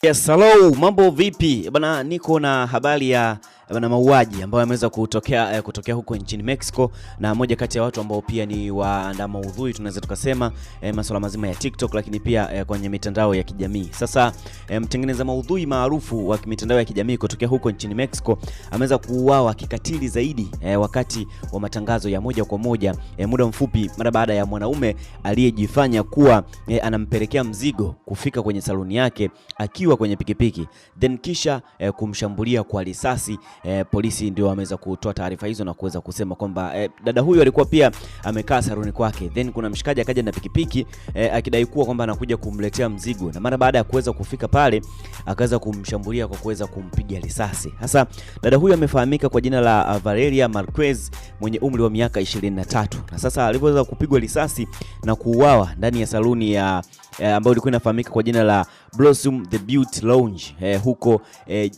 Yes, hello, mambo vipi? Bana, niko na habari ya na mauaji ambayo yameweza kutokea, eh, kutokea huko nchini Mexico, na moja kati ya watu ambao pia ni waanda maudhui tunaweza tukasema eh, masuala mazima ya TikTok, lakini pia eh, kwenye mitandao ya kijamii. Sasa eh, mtengeneza maudhui maarufu wa mitandao ya kijamii kutokea huko nchini Mexico ameweza kuuawa kikatili zaidi eh, wakati wa matangazo ya moja kwa moja eh, muda mfupi mara baada ya mwanaume aliyejifanya kuwa eh, anampelekea mzigo kufika kwenye saluni yake akiwa kwenye pikipiki then kisha eh, kumshambulia kwa risasi eh, polisi ndio wameweza kutoa taarifa hizo na kuweza kusema kwamba eh, dada huyu alikuwa pia amekaa saruni kwake, then kuna mshikaji akaja na pikipiki eh, akidai kuwa kwamba anakuja kumletea mzigo, na mara baada ya kuweza kufika pale akaweza kumshambulia kwa kuweza kumpiga risasi. Hasa dada huyu amefahamika kwa jina la uh, Valeria Marquez mwenye umri wa miaka 23, na sasa alivyoweza kupigwa risasi na kuuawa ndani ya saluni ya eh, ambayo ilikuwa inafahamika kwa jina la Blossom the Beauty Lounge eh, huko eh,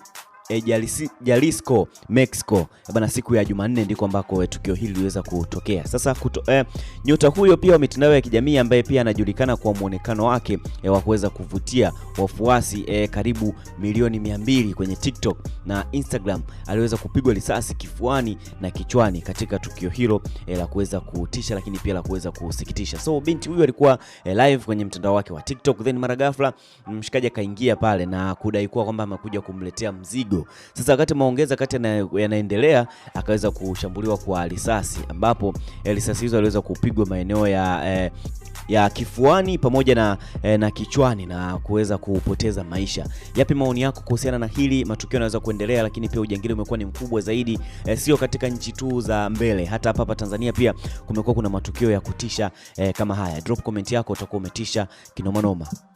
e, Jalisco Mexico eh, bana, siku ya Jumanne ndiko ambako eh, tukio hili liliweza kutokea. Sasa kuto, e, nyota huyo pia wa mitandao ya kijamii ambaye pia anajulikana kwa mwonekano wake e, wa kuweza kuvutia wafuasi e, karibu milioni mbili kwenye TikTok na Instagram aliweza kupigwa risasi kifuani na kichwani katika tukio hilo e, la kuweza kutisha lakini pia la kuweza kusikitisha. So binti huyu alikuwa e, live kwenye mtandao wake wa TikTok then mara ghafla mm, mshikaji akaingia pale na kudai kuwa kwamba amekuja kumletea mzigo huyu. Sasa wakati maongezi kati yanaendelea, akaweza kushambuliwa kwa risasi, ambapo eh, risasi hizo aliweza kupigwa maeneo ya eh, ya kifuani pamoja na, eh, na kichwani na kuweza kupoteza maisha. Yapi maoni yako kuhusiana na hili? Matukio yanaweza kuendelea, lakini pia ujangili umekuwa ni mkubwa zaidi, eh, sio katika nchi tu za mbele, hata hapa hapa Tanzania pia kumekuwa kuna matukio ya kutisha eh, kama haya. Drop comment yako utakuwa umetisha kinomanoma.